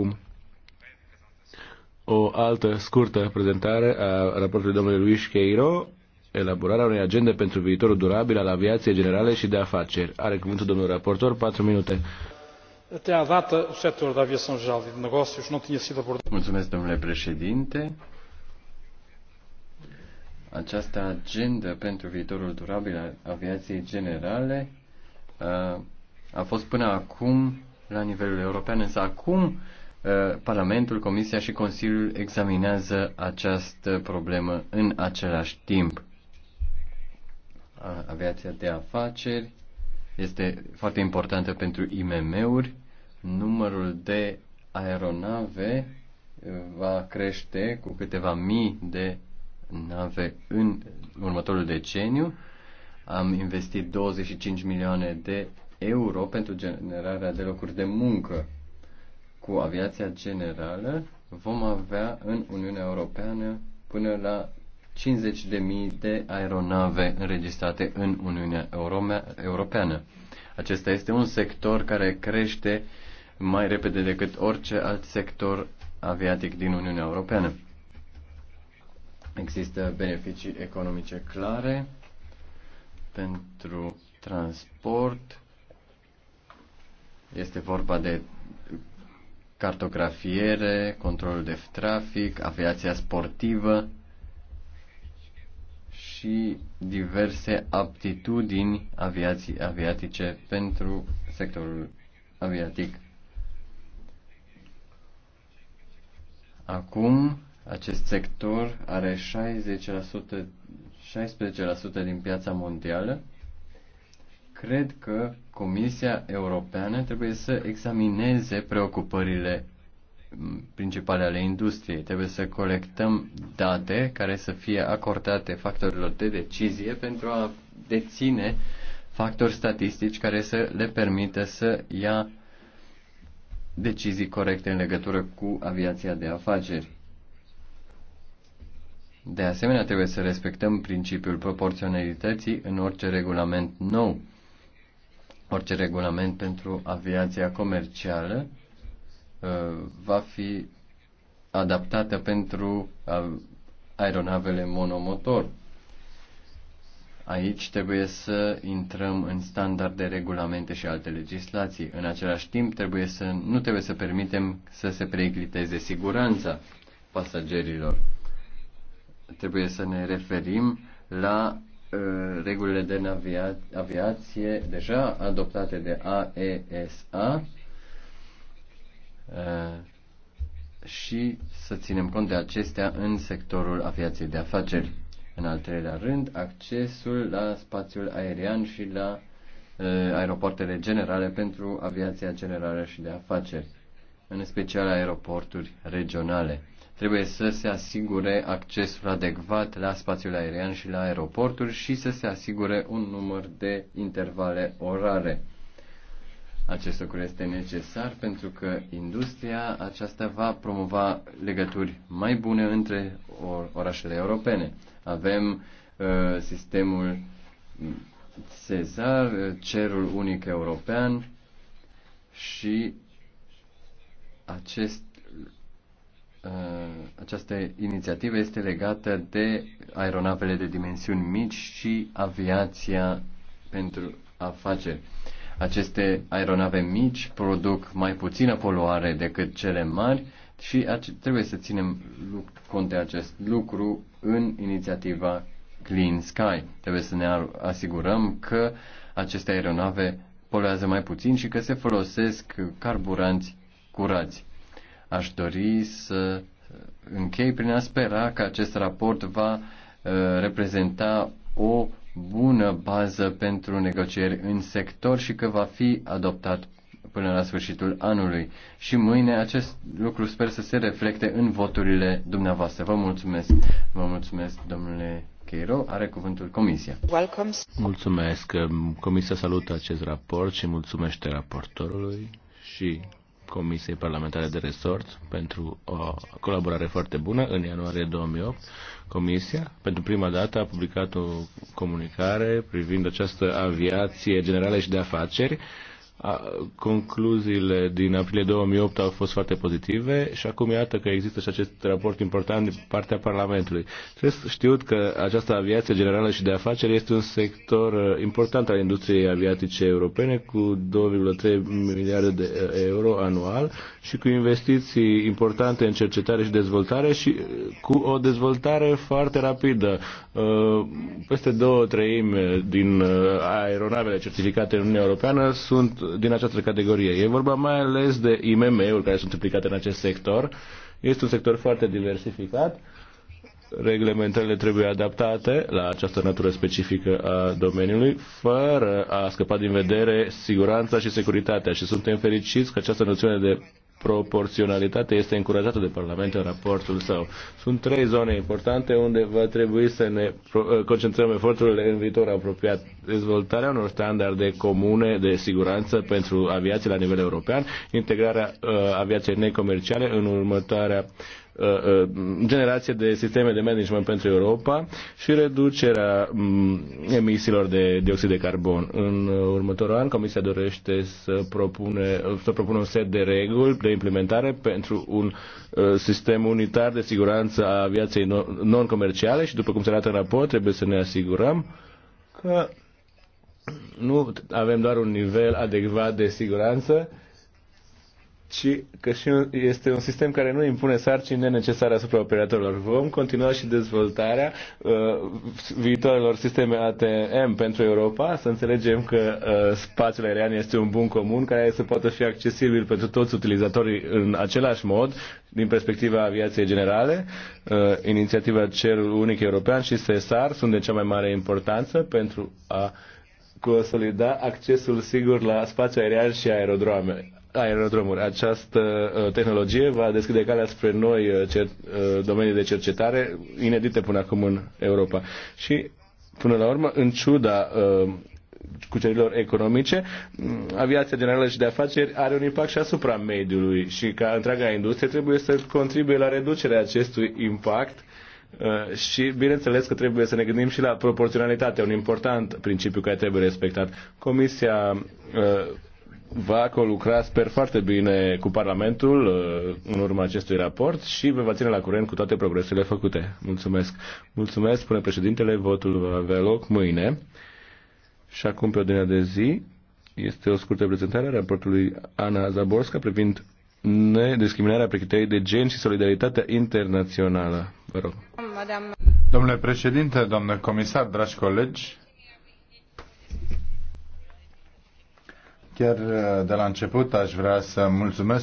acum o altă scurtă prezentare a raportului domnului Luis Cheiro, elaborarea unei agende pentru viitorul durabil al aviației generale și de afaceri. Are cuvântul domnul raportor, 4 minute. Até à data, o setor da aviação geral e de negócios não tinha sido abordado. Mulțumesc, domnule președinte. Această agenda pentru viitorul durabil al aviației generale uh, a fost până acum la nivelul european, însă acum Uh, Parlamentul, Comisia și Consiliul examinează această problemă în același timp. Aviația de afaceri este foarte importantă pentru IMM-uri. Numărul de aeronave uh, va crește cu câteva mii de nave în următorul deceniu. Am investit 25 milioane de euro pentru generarea de locuri de muncă cu aviația generală vom avea în Uniunea Europeană până la 50.000 de aeronave înregistrate în Uniunea Europeană. Acesta este un sector care crește mai repede decât orice alt sector aviatic din Uniunea Europeană. Există beneficii economice clare pentru transport. Este vorba de cartografiere, control de trafic, aviația sportivă și diverse aptitudini aviații, aviatice pentru sectorul aviatic. Acum, acest sector are 60%, 16% din piața mondială cred că Comisia Europeană trebuie să examineze preocupările principale ale industriei. Trebuie să colectăm date care să fie acordate factorilor de decizie pentru a deține factori statistici care să le permită să ia decizii corecte în legătură cu aviația de afaceri. De asemenea, trebuie să respectăm principiul proporționalității în orice regulament nou orice regulament pentru aviația comercială uh, va fi adaptată pentru uh, aeronavele monomotor. Aici trebuie să intrăm în standarde, regulamente și alte legislații. În același timp, trebuie să, nu trebuie să permitem să se preigliteze siguranța pasagerilor. Trebuie să ne referim la Uh, regulile de aviație deja adoptate de AESA uh, și să ținem cont de acestea în sectorul aviației de afaceri. În al treilea rând, accesul la spațiul aerian și la uh, aeroportele generale pentru aviația generală și de afaceri în special aeroporturi regionale. Trebuie să se asigure accesul adecvat la spațiul aerian și la aeroporturi și să se asigure un număr de intervale orare. Acest lucru este necesar pentru că industria aceasta va promova legături mai bune între orașele europene. Avem uh, sistemul Cezar, uh, cerul unic european și acest, uh, această inițiativă este legată de aeronavele de dimensiuni mici și aviația pentru afaceri. Aceste aeronave mici produc mai puțină poluare decât cele mari și trebuie să ținem cont de acest lucru în inițiativa Clean Sky. Trebuie să ne asigurăm că aceste aeronave poluează mai puțin și că se folosesc carburanți curați. Aș dori să închei prin a spera că acest raport va uh, reprezenta o bună bază pentru negocieri în sector și că va fi adoptat până la sfârșitul anului. Și mâine acest lucru sper să se reflecte în voturile dumneavoastră. Vă mulțumesc. Vă mulțumesc, domnule Cheiro. Are cuvântul Comisia. Welcome. Mulțumesc. Comisia salută acest raport și mulțumește raportorului și Comisiei Parlamentare de Resort pentru o colaborare foarte bună. În ianuarie 2008, Comisia, pentru prima dată, a publicat o comunicare privind această aviație generală și de afaceri concluziile din aprilie 2008 au fost foarte pozitive și acum iată că există și acest raport important din partea Parlamentului. Trebuie știut că această aviație generală și de afaceri este un sector uh, important al industriei aviatice europene cu 2,3 miliarde de uh, euro anual și cu investiții importante în cercetare și dezvoltare și uh, cu o dezvoltare foarte rapidă. Peste două treimi din aeronavele certificate în Uniunea Europeană sunt din această categorie. E vorba mai ales de IMM-uri care sunt implicate în acest sector. Este un sector foarte diversificat. Reglementările trebuie adaptate la această natură specifică a domeniului, fără a scăpa din vedere siguranța și securitatea. Și suntem fericiți că această noțiune de proporționalitate este încurajată de Parlament în raportul său. Sunt trei zone importante unde va trebui să ne eh, concentrăm eforturile în viitor apropiat. Dezvoltarea unor standarde comune de siguranță pentru aviație la nivel european, integrarea uh, aviației necomerciale în următoarea Uh, uh, generație de sisteme de management pentru Europa și reducerea mm, emisiilor de dioxid de carbon. În următorul an, Comisia dorește să, propune, să propună un set de reguli de implementare pentru un uh, sistem unitar de siguranță a aviației non-comerciale și, după cum se arată în raport, trebuie să ne asigurăm că nu avem doar un nivel adecvat de siguranță, ci că și un, este un sistem care nu impune sarcini nenecesare asupra operatorilor. Vom continua și dezvoltarea uh, viitorilor sisteme ATM pentru Europa, să înțelegem că uh, spațiul aerian este un bun comun care să poată fi accesibil pentru toți utilizatorii în același mod, din perspectiva aviației generale. Uh, inițiativa Cerul Unic European și SESAR sunt de cea mai mare importanță pentru a consolida accesul sigur la spațiul aerian și aerodrome aerodromuri. Această uh, tehnologie va deschide calea spre noi uh, uh, domenii de cercetare inedite până acum în Europa. Și, până la urmă, în ciuda cucerilor economice, mm, aviația generală și de afaceri are un impact și asupra mediului și ca întreaga industrie trebuie să contribuie la reducerea acestui impact și bineînțeles că trebuie să ne gândim și la proporționalitate, un important principiu care trebuie respectat. Comisia va colucra, sper, foarte bine cu Parlamentul uh, în urma acestui raport și vă va ține la curent cu toate progresele făcute. Mulțumesc. Mulțumesc, spune președintele, votul va avea loc mâine. Și acum, pe ordinea de zi, este o scurtă prezentare a raportului Ana Zaborska privind nediscriminarea pe criterii de gen și solidaritatea internațională. Vă rog. Domnule președinte, domnule comisar, dragi colegi, Chiar uh, de la început aș vrea să mulțumesc